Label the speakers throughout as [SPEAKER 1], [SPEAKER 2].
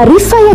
[SPEAKER 1] taarifa ya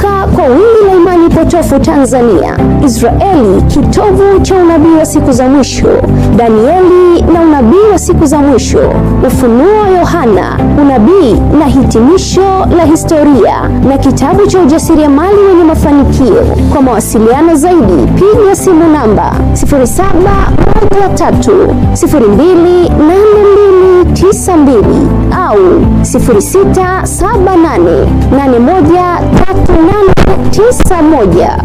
[SPEAKER 1] kutoka kwa wingi la imani potofu Tanzania, Israeli kitovu cha unabii wa siku za mwisho, Danieli na unabii wa za mwisho, ufunuo Yohana, unabii na hitimisho la historia na kitabu cha ujasiriamali wenye mafanikio. Kwa mawasiliano zaidi, piga simu namba 0713028292 au moja.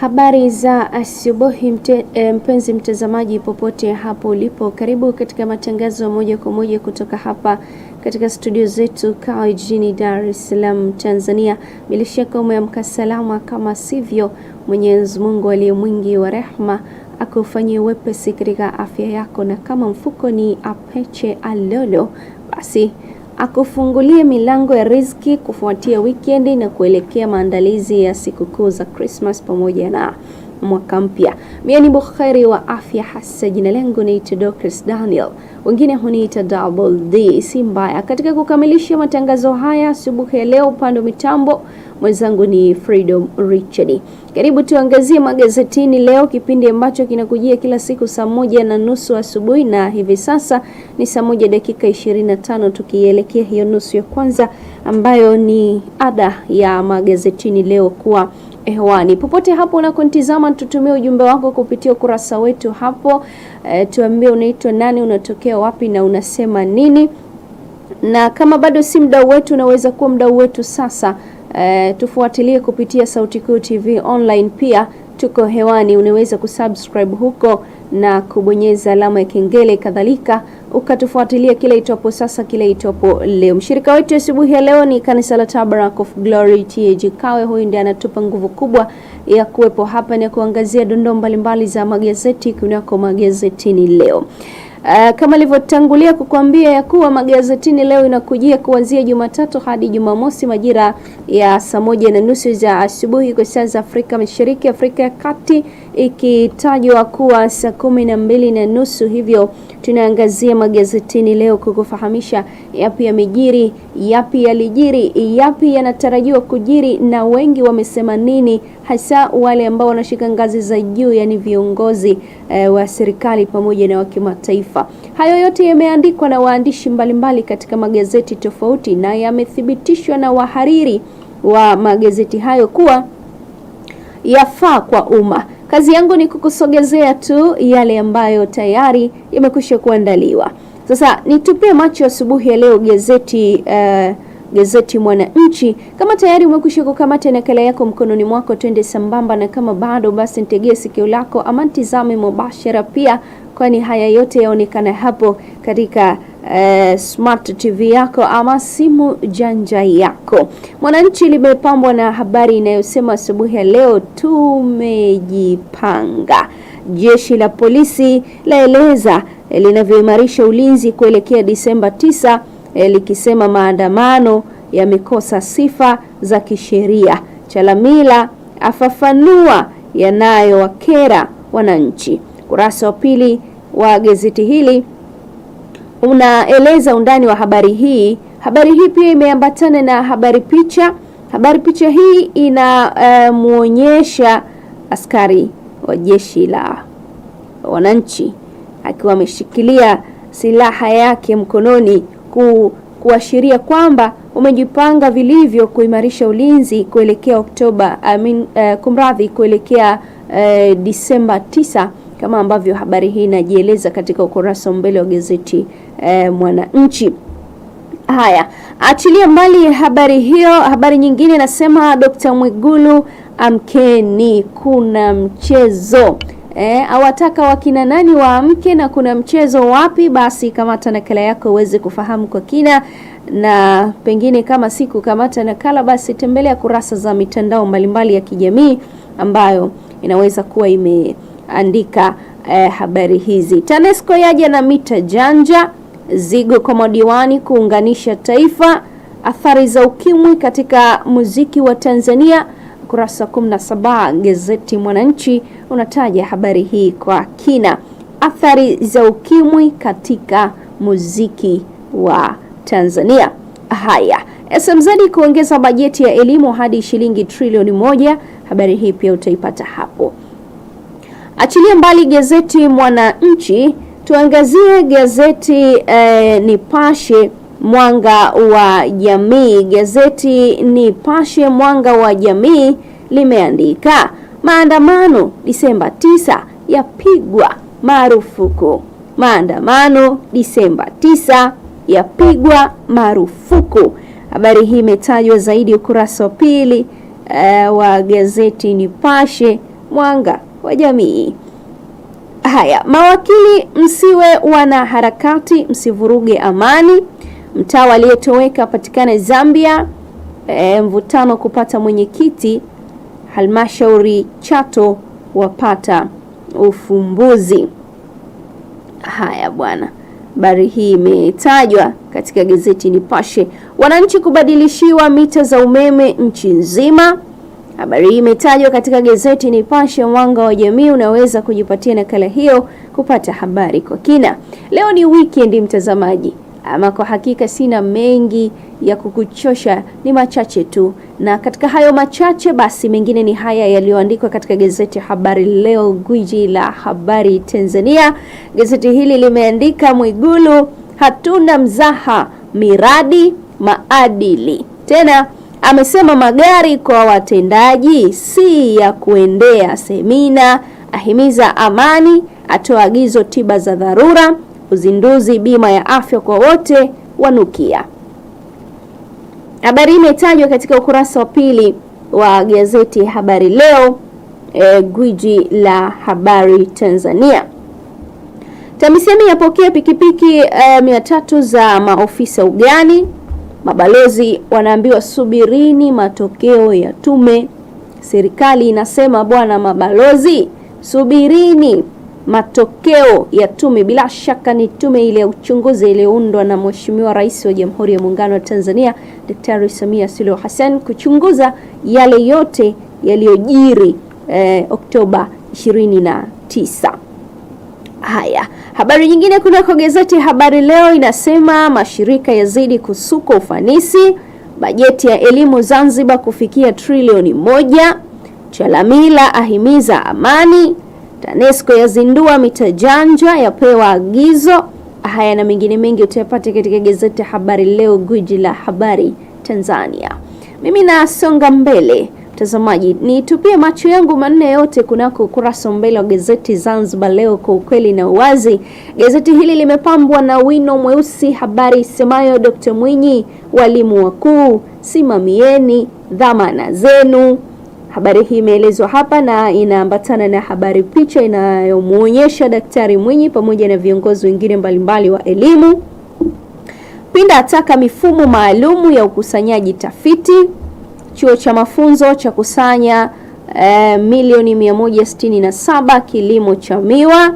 [SPEAKER 1] Habari za asubuhi mte, e, mpenzi mtazamaji popote hapo ulipo, karibu katika matangazo moja kwa moja kutoka hapa katika studio zetu KAWA jijini Dar es Salaam Tanzania. Bila shaka umeamka salama, kama sivyo, Mwenyezi Mungu aliye mwingi wa rehma akufanyie wepesi katika afya yako, na kama mfuko ni apeche alolo basi akufungulie milango ya riziki kufuatia wikendi na kuelekea maandalizi ya sikukuu za Krismas pamoja na mwaka mpya. Mie ni bukheri wa afya hasa, jina langu naitwa Dorcas Daniel, wengine huniita Double D, si mbaya. Katika kukamilisha matangazo haya asubuhi ya leo, upande wa mitambo mwenzangu ni Freedom Richard. Karibu tuangazie magazetini leo, kipindi ambacho kinakujia kila siku saa moja na nusu asubuhi, na hivi sasa ni saa moja dakika 25, tukielekea hiyo nusu ya kwanza ambayo ni ada ya magazetini leo kuwa hewani popote hapo unakontizama tutumie ujumbe wako kupitia ukurasa wetu hapo. E, tuambie unaitwa nani, unatokea wapi na unasema nini, na kama bado si mdau wetu, unaweza kuwa mdau wetu sasa. E, tufuatilie kupitia Sauti Kuu TV online, pia tuko hewani. Unaweza kusubscribe huko na kubonyeza alama ya kengele kadhalika ukatufuatilia kile itopo sasa, kile itopo leo. Mshirika wetu asubuhi ya leo ni kanisa la Tabernacle of Glory TAG Kawe. Huyu ndiye anatupa nguvu kubwa ya kuwepo hapa na kuangazia dondoo mbalimbali za magazeti kunako magazetini leo. Uh, kama nilivyotangulia kukuambia ya kuwa magazetini leo inakujia kuanzia Jumatatu hadi Jumamosi majira ya saa moja na nusu za asubuhi kwa saa za Afrika Mashariki, Afrika ya Kati ikitajwa kuwa saa kumi na mbili na nusu. Hivyo tunaangazia magazetini leo kukufahamisha yapi yamejiri, yapi yalijiri, yapi yanatarajiwa kujiri, na wengi wamesema nini, hasa wale ambao wanashika ngazi za juu, yani viongozi eh, wa serikali pamoja na wa kimataifa taifa. Hayo yote yameandikwa na waandishi mbalimbali katika magazeti tofauti na yamethibitishwa na wahariri wa magazeti hayo kuwa yafaa kwa umma. Kazi yangu ni kukusogezea tu yale ambayo tayari yamekwisha kuandaliwa. Sasa nitupie macho asubuhi ya leo gazeti uh, gazeti Mwananchi. Kama tayari umekwisha kukamata nakala yako mkononi mwako, twende sambamba, na kama bado basi nitegee sikio lako ama nitizame mubashara pia kwani haya yote yaonekana hapo katika Uh, smart TV yako ama simu janja yako. Mwananchi limepambwa na habari inayosema asubuhi ya leo, tumejipanga. Jeshi la polisi laeleza eh, linavyoimarisha ulinzi kuelekea Disemba 9 eh, likisema maandamano yamekosa sifa za kisheria. Chalamila afafanua yanayowakera wananchi. Kurasa wa pili wa gazeti hili unaeleza undani wa habari hii. Habari hii pia imeambatana na habari picha. Habari picha hii inamwonyesha eh, uh, askari wa jeshi la wananchi akiwa ameshikilia silaha yake mkononi ku, kuashiria kwamba umejipanga vilivyo kuimarisha ulinzi kuelekea Oktoba I mean, uh, kumradhi kuelekea uh, Disemba 9 kama ambavyo habari hii inajieleza katika ukurasa mbele wa gazeti eh, Mwananchi. Haya, achilia mbali habari hiyo. Habari nyingine inasema Dr. Mwigulu amkeni, kuna mchezo E, awataka wakina nani waamke na kuna mchezo wapi? Basi kamata nakala yako uweze kufahamu kwa kina, na pengine kama siku kamata nakala, basi tembelea kurasa za mitandao mbalimbali ya kijamii ambayo inaweza kuwa ime andika eh, habari hizi. TANESCO yaja na mita janja, zigo kwa madiwani kuunganisha taifa, athari za ukimwi katika muziki wa Tanzania. Kurasa 17 gazeti Mwananchi unataja habari hii kwa kina, athari za ukimwi katika muziki wa Tanzania. Haya, SMZ kuongeza bajeti ya elimu hadi shilingi trilioni moja. Habari hii pia utaipata hapo. Achilia mbali gazeti Mwananchi, tuangazie gazeti eh, Nipashe Mwanga wa Jamii. Gazeti Nipashe Mwanga wa Jamii limeandika maandamano Disemba 9 yapigwa marufuku. Maandamano Disemba 9 yapigwa marufuku. Habari hii imetajwa zaidi ukurasa wa pili eh, wa gazeti Nipashe Mwanga wa jamii. Haya, mawakili msiwe harakati msivuruge amani. Mtawa aliyetoweka apatikane Zambia. E, mvutano kupata mwenyekiti halmashauri Chato wapata ufumbuzi. Haya bwana, habari hii imetajwa katika gazeti Nipashe. Wananchi kubadilishiwa mita za umeme nchi nzima. Habari hii imetajwa katika gazeti Nipashe mwanga wa jamii. Unaweza kujipatia nakala hiyo kupata habari kwa kina. Leo ni weekend, mtazamaji, ama kwa hakika sina mengi ya kukuchosha, ni machache tu, na katika hayo machache basi mengine ni haya yaliyoandikwa katika gazeti Habari Leo, gwiji la habari Tanzania. Gazeti hili limeandika Mwigulu hatuna mzaha, miradi maadili tena amesema magari kwa watendaji si ya kuendea semina, ahimiza amani, atoa agizo tiba za dharura, uzinduzi bima ya afya kwa wote wanukia. Habari imetajwa katika ukurasa wa pili wa gazeti Habari Leo, e, gwiji la habari Tanzania. TAMISEMI yapokea pikipiki e, mia tatu za maofisa ugani. Mabalozi wanaambiwa subirini matokeo ya tume. Serikali inasema bwana mabalozi, subirini matokeo ya tume. Bila shaka ni tume ile ya uchunguzi iliyoundwa na Mheshimiwa Rais wa Jamhuri ya Muungano wa Tanzania Daktari Samia Suluhu Hassan kuchunguza yale yote yaliyojiri eh, Oktoba 29 haya. Habari nyingine kunako gazeti Habari Leo inasema mashirika yazidi kusuka ufanisi, bajeti ya elimu Zanzibar kufikia trilioni moja. Chalamila ahimiza amani. TANESCO yazindua mita janja yapewa agizo. Haya na mengine mengi utayapata katika gazeti Habari Leo, gwiji la habari Tanzania. Mimi nasonga mbele Mtazamaji, nitupie macho yangu manne yote kunako ukurasa mbele wa gazeti Zanzibar Leo, kwa ukweli na uwazi. Gazeti hili limepambwa na wino mweusi, habari isemayo Dkt Mwinyi, walimu wakuu simamieni dhamana zenu. Habari hii imeelezwa hapa na inaambatana na habari picha inayomwonyesha Daktari Mwinyi pamoja na viongozi wengine mbalimbali wa elimu. Pinda ataka mifumo maalumu ya ukusanyaji tafiti chuo cha mafunzo cha kusanya eh, milioni 167 kilimo cha miwa.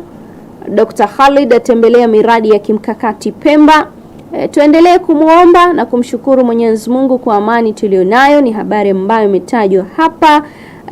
[SPEAKER 1] Dr. Khalid atembelea miradi ya kimkakati Pemba. E, tuendelee kumwomba na kumshukuru Mwenyezi Mungu kwa amani tuliyonayo, ni habari ambayo imetajwa hapa.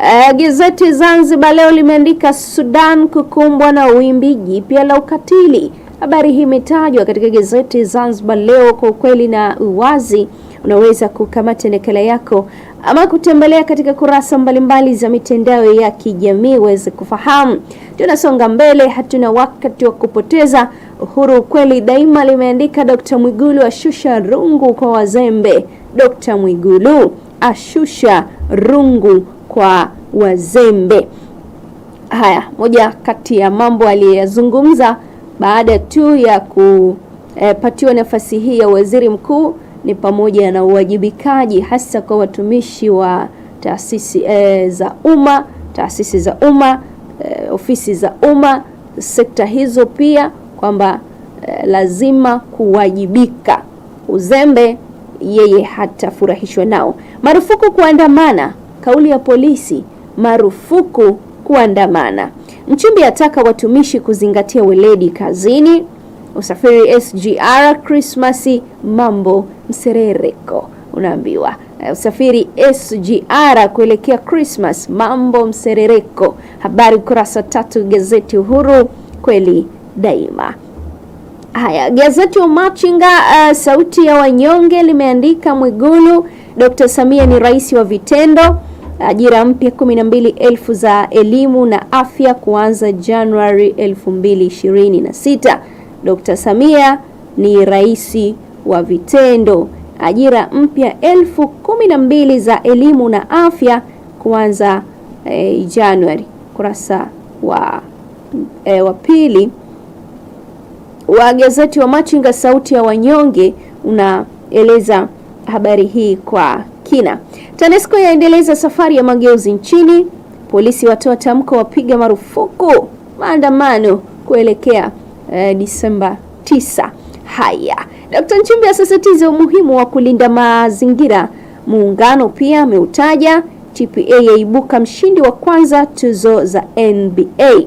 [SPEAKER 1] E, gazeti Zanzibar leo limeandika Sudan kukumbwa na wimbi jipya la ukatili. Habari hii imetajwa katika gazeti Zanzibar leo kwa ukweli na uwazi. Unaweza kukamata nakala yako ama kutembelea katika kurasa mbalimbali za mitandao ya kijamii uweze kufahamu. Tunasonga mbele, hatuna wakati wa kupoteza. Uhuru kweli daima limeandika, Dr. Mwigulu ashusha rungu kwa wazembe. Dr. Mwigulu ashusha rungu kwa wazembe. Haya, moja kati ya mambo aliyozungumza baada tu ya kupatiwa eh, nafasi hii ya waziri mkuu ni pamoja na uwajibikaji hasa kwa watumishi wa taasisi e, za umma, taasisi za umma e, ofisi za umma, sekta hizo pia kwamba e, lazima kuwajibika. Uzembe yeye hatafurahishwa nao. Marufuku kuandamana, kauli ya polisi, marufuku kuandamana. mchumbi ataka watumishi kuzingatia weledi kazini usafiri SGR Krismasi mambo mserereko, unaambiwa eh, usafiri SGR kuelekea Krismas mambo mserereko. Habari ukurasa tatu gazeti Uhuru kweli daima. Haya, gazeti Umachinga uh, sauti ya wanyonge limeandika Mwigulu, Dr. Samia ni rais wa vitendo. Ajira mpya 12,000 za elimu na afya kuanza Januari 2026. Dkt. Samia ni rais wa vitendo. Ajira mpya elfu kumi na mbili za elimu na afya kuanza eh, Januari. Kurasa wa, eh, wa pili wa gazeti wa Machinga sauti ya wanyonge unaeleza habari hii kwa kina. TANESCO yaendeleza safari ya mageuzi nchini. Polisi watoa tamko, wapiga marufuku maandamano kuelekea eh, Disemba 9. Haya, Dkt. Nchimbi asisitiza umuhimu wa kulinda mazingira. Muungano pia ameutaja. TPA yaibuka mshindi wa kwanza tuzo za NBA.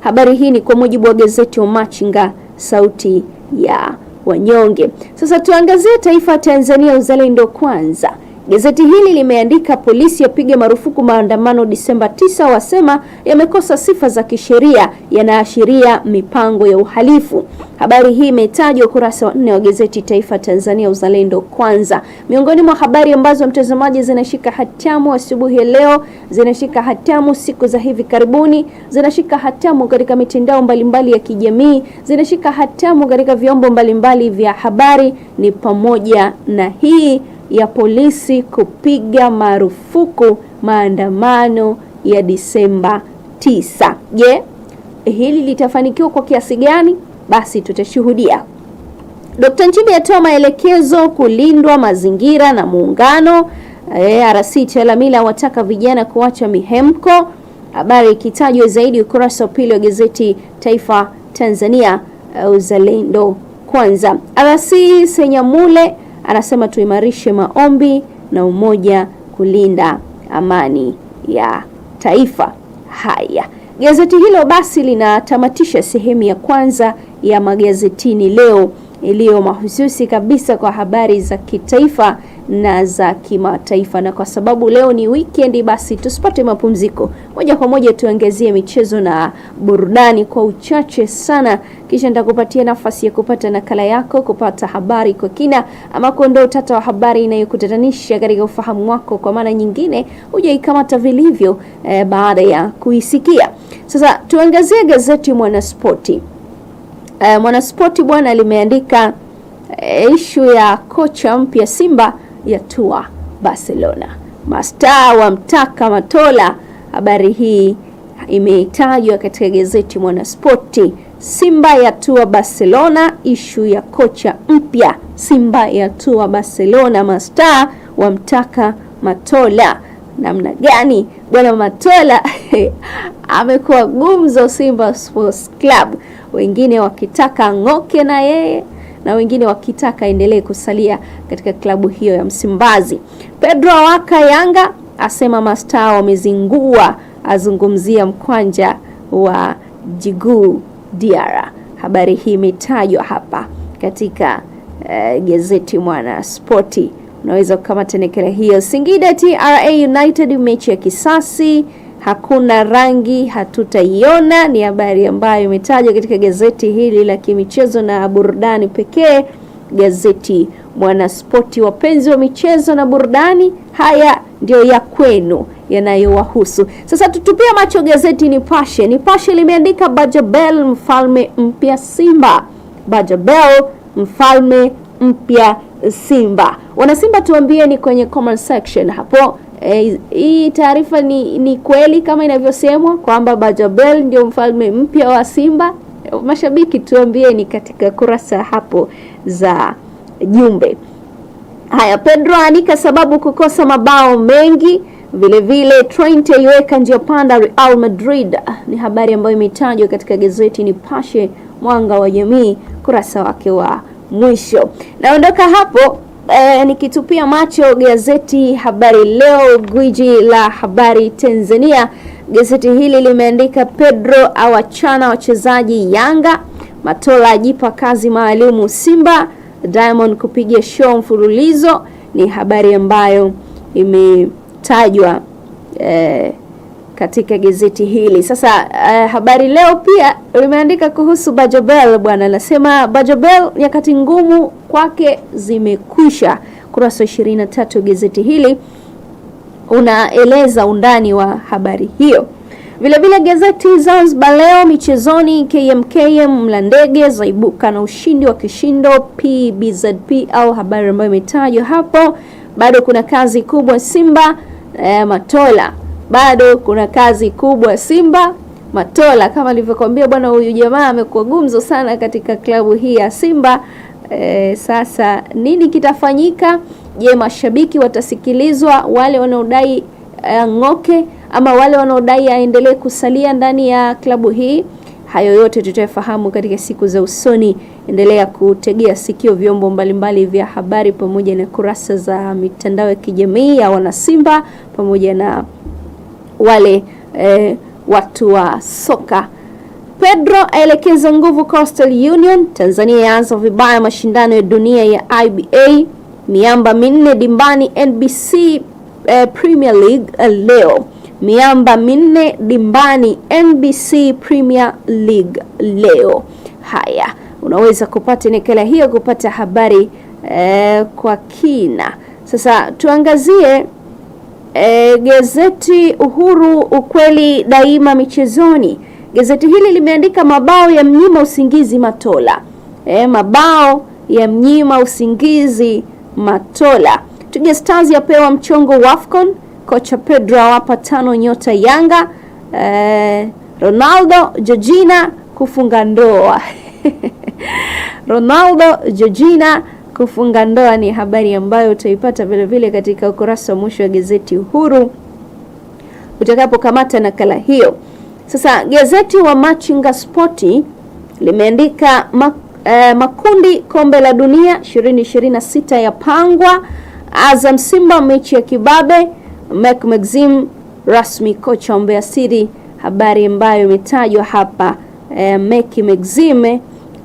[SPEAKER 1] Habari hii ni kwa mujibu wa gazeti wa Machinga, sauti ya wanyonge. Sasa tuangazie taifa Tanzania, uzalendo kwanza. Gazeti hili limeandika polisi yapiga marufuku maandamano Disemba 9, wasema yamekosa sifa za kisheria, yanaashiria mipango ya uhalifu. Habari hii imetajwa ukurasa wa nne wa gazeti Taifa Tanzania Uzalendo Kwanza. Miongoni mwa habari ambazo mtazamaji zinashika hatamu asubuhi ya leo, zinashika hatamu siku za hivi karibuni, zinashika hatamu katika mitandao mbalimbali ya kijamii, zinashika hatamu katika vyombo mbalimbali vya habari, ni pamoja na hii ya polisi kupiga marufuku maandamano ya Disemba 9. Je, hili litafanikiwa kwa kiasi gani? Basi tutashuhudia. Dkt. Nchimbi atoa maelekezo kulindwa mazingira na muungano. E, eh, RC Chalamila wataka vijana kuacha mihemko. Habari ikitajwa zaidi ukurasa wa pili wa gazeti Taifa Tanzania eh, Uzalendo Kwanza. RC Senyamule anasema tuimarishe maombi na umoja kulinda amani ya taifa. Haya, gazeti hilo basi linatamatisha sehemu ya kwanza ya magazetini leo iliyo mahususi kabisa kwa habari za kitaifa na za kimataifa. Na kwa sababu leo ni weekend, basi tusipate mapumziko, moja kwa moja tuangazie michezo na burudani kwa uchache sana, kisha nitakupatia nafasi ya kupata nakala yako, kupata habari kwa kina, ama kuondoa utata wa habari inayokutatanisha katika ufahamu wako, kwa maana nyingine hujaikamata vilivyo eh, baada ya kuisikia. Sasa tuangazie gazeti Mwanaspoti. Eh, Mwanaspoti bwana limeandika eh, ishu ya kocha mpya Simba yatua Barcelona. Mastaa wamtaka Matola. Habari hii imetajwa katika gazeti Mwanaspoti. Simba ya tua Barcelona, ishu ya kocha mpya. Simba ya tua Barcelona, mastaa wamtaka Matola. Namna gani bwana Matola amekuwa gumzo Simba Sports Club, wengine wakitaka ng'oke na yeye na wengine wakitaka aendelee kusalia katika klabu hiyo ya Msimbazi. Pedro Awaka Yanga asema mastaa wamezingua, azungumzia mkwanja wa Djigui Diarra. Habari hii imetajwa hapa katika eh, gazeti Mwana Spoti. Unaweza kukamata nakala hiyo. Singida TRA United mechi ya kisasi hakuna rangi hatutaiona. Ni habari ambayo imetajwa katika gazeti hili la kimichezo na burudani pekee, gazeti Mwanaspoti. Wapenzi wa michezo na burudani, haya ndio ya kwenu yanayowahusu. Sasa tutupia macho gazeti Nipashe. Nipashe limeandika Bajabel mfalme mpya Simba, Bajabel mfalme mpya Simba. tuambie tuambieni kwenye comment section hapo. E, hii taarifa ni, ni kweli kama inavyosemwa kwamba Bajabel ndio mfalme mpya wa Simba? Mashabiki tuambieni katika kurasa hapo za jumbe. Haya, Pedro anika sababu kukosa mabao mengi. vile Trent aiweka njia panda Real Madrid, ni habari ambayo imetajwa katika gazeti Nipashe Mwanga wa Jamii kurasa wake wa mwisho. Naondoka hapo eh, nikitupia macho gazeti Habari Leo, gwiji la habari Tanzania. Gazeti hili limeandika Pedro awachana wachezaji Yanga, Matola ajipa kazi maalumu Simba, Diamond kupiga show mfululizo, ni habari ambayo imetajwa eh, katika gazeti hili. Sasa uh, habari leo pia limeandika kuhusu Bajobel bwana, anasema Bajobel nyakati ngumu kwake zimekwisha. Kurasa 23 gazeti hili unaeleza undani wa habari hiyo. Vilevile gazeti Zanzibar Leo michezoni, KMKM Mlandege zaibuka na ushindi wa kishindo PBZP au habari ambayo imetajwa hapo. Bado kuna kazi kubwa Simba eh, Matola bado kuna kazi kubwa Simba. Matola kama nilivyokuambia bwana, huyu jamaa amekuwa gumzo sana katika klabu hii ya Simba. E, sasa nini kitafanyika? Je, mashabiki watasikilizwa, wale wanaodai e, ang'oke ama wale wanaodai aendelee kusalia ndani ya klabu hii? Hayo yote tutayafahamu katika siku za usoni. Endelea kutegea sikio vyombo mbalimbali vya habari pamoja na kurasa za mitandao ya kijamii ya wanasimba pamoja na wale eh, watu wa soka. Pedro aelekeza nguvu Coastal Union. Tanzania yaanza vibaya mashindano ya dunia ya IBA, miamba minne dimbani NBC eh, Premier League eh, leo miamba minne dimbani NBC Premier League leo. Haya, unaweza kupata nakala hiyo kupata habari eh, kwa kina. Sasa tuangazie E, gazeti Uhuru ukweli daima michezoni. Gazeti hili limeandika mabao ya mnyima usingizi Matola. E, mabao ya mnyima usingizi Matola. Twiga Stars yapewa mchongo Wafcon, kocha Pedro awapa tano nyota Yanga. E, Ronaldo Georgina kufunga ndoa Ronaldo Georgina kufunga ndoa ni habari ambayo utaipata vilevile katika ukurasa wa mwisho wa gazeti Uhuru utakapokamata nakala hiyo. Sasa gazeti wa Machinga Spoti limeandika mak, eh, makundi kombe la dunia 2026 pangwa Azam Simba mechi ya kibabe. Mac Maxim rasmi kocha wa Mbeya City, habari ambayo imetajwa hapa eh, Mac Maxime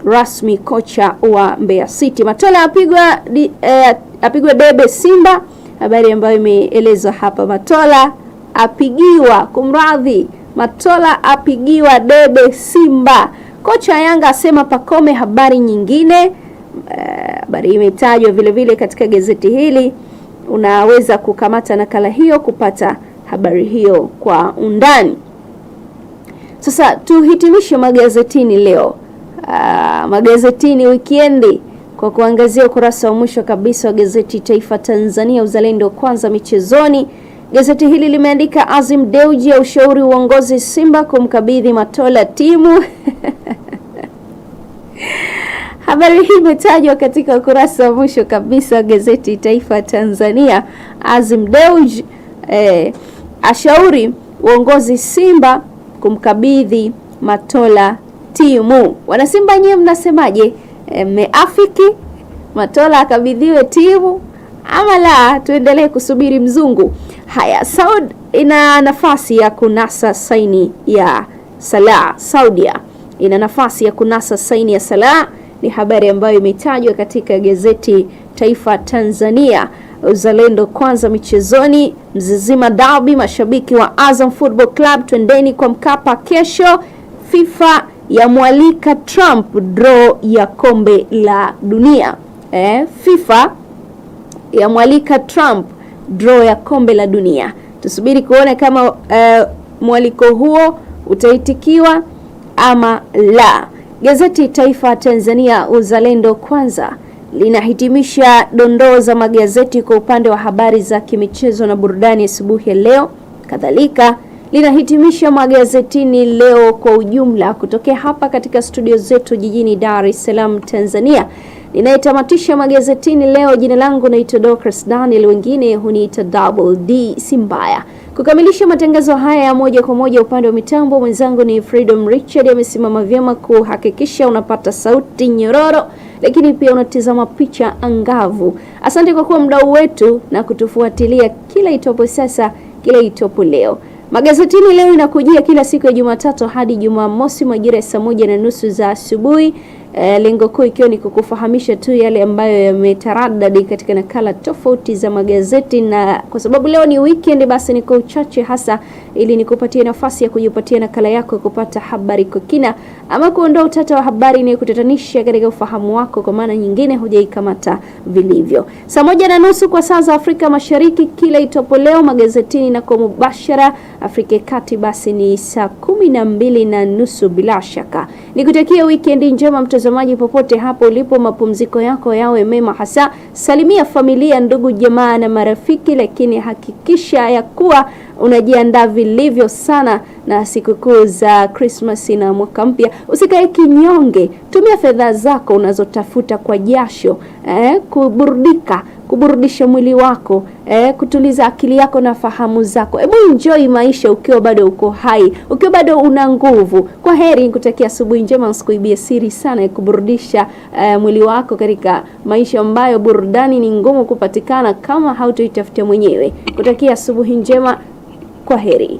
[SPEAKER 1] rasmi kocha wa Mbeya City. Matola apigwa eh, apigwe debe Simba, habari ambayo imeelezwa hapa. Matola apigiwa, kumradhi, Matola apigiwa debe Simba. Kocha Yanga asema Pakome. Habari nyingine eh, habari imetajwa vile vile katika gazeti hili. Unaweza kukamata nakala hiyo kupata habari hiyo kwa undani. Sasa tuhitimishe magazetini leo. Ah, magazetini wikendi kwa kuangazia ukurasa wa mwisho kabisa wa gazeti Taifa Tanzania Uzalendo wa Kwanza. Michezoni, gazeti hili limeandika Azim Deuji ya ushauri uongozi Simba kumkabidhi Matola timu Habari hii imetajwa katika ukurasa wa mwisho kabisa wa gazeti Taifa Tanzania. Azim Deuji eh, ashauri uongozi Simba kumkabidhi Matola timu. Wanasimba nyewe mnasemaje? E, Matola akabidhiwe timu ama la? Tuendelee kusubiri mzungu. Haya, Saud ina nafasi ya kunasa saini ya Salah. Saudia ina nafasi ya kunasa saini ya Salah, ni habari ambayo imetajwa katika gazeti Taifa Tanzania. Uzalendo kwanza michezoni, Mzizima Dabi, mashabiki wa Azam Football Club, twendeni kwa Mkapa kesho. FIFA yamwalika Trump draw ya kombe la dunia. Eh, FIFA yamwalika Trump draw ya kombe la dunia. Tusubiri kuona kama eh, mwaliko huo utaitikiwa ama la. Gazeti Taifa Tanzania Uzalendo Kwanza linahitimisha dondoo za magazeti kwa upande wa habari za kimichezo na burudani asubuhi ya leo. Kadhalika linahitimisha magazetini leo kwa ujumla, kutokea hapa katika studio zetu jijini Dar es Salaam, Tanzania. Ninayetamatisha magazetini leo, jina langu naitwa Dorcas Daniel, wengine huniita Double D Simbaya. Kukamilisha matangazo haya ya moja kwa moja, upande wa mitambo mwenzangu ni Freedom Richard, amesimama vyema kuhakikisha unapata sauti nyororo, lakini pia unatizama picha angavu. Asante kwa kuwa mdau wetu na kutufuatilia kila itopo sasa, kila itopo leo. Magazetini leo inakujia kila siku ya Jumatatu hadi Jumamosi majira ya saa moja na nusu za asubuhi e, lengo kuu ikiwa ni kukufahamisha tu yale ambayo yametaradadi katika nakala tofauti za magazeti, na kwa sababu leo ni weekend, basi niko uchache hasa, ili nikupatie nafasi ya kujipatia nakala yako ya kupata habari kwa kina, ama kuondoa utata wa habari inayokutatanisha katika ufahamu wako, kwa maana nyingine hujaikamata vilivyo. Saa moja na nusu kwa saa za Afrika Mashariki, kila itopo leo magazetini na kwa mubashara Afrika Kati, basi ni saa kumi na mbili na nusu. Bila shaka nikutakia weekend njema mtozo mtazamaji, popote hapo ulipo, mapumziko yako yawe mema, hasa salimia familia, ndugu, jamaa na marafiki, lakini hakikisha ya kuwa unajiandaa vilivyo sana na sikukuu za Krismasi na mwaka mpya. Usikae kinyonge, tumia fedha zako unazotafuta kwa jasho eh, kuburudika kuburudisha mwili wako eh, kutuliza akili yako na fahamu zako. Hebu enjoy maisha ukiwa bado uko hai, ukiwa bado una nguvu. Kwa heri, nikutakia asubuhi njema, nsikuibie siri sana ya kuburudisha eh, mwili wako katika maisha ambayo burudani ni ngumu kupatikana kama hautoitafutia mwenyewe. Kutakia asubuhi njema. correrei.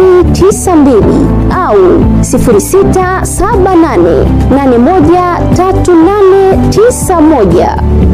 [SPEAKER 2] mbili au nane tatu tisa moja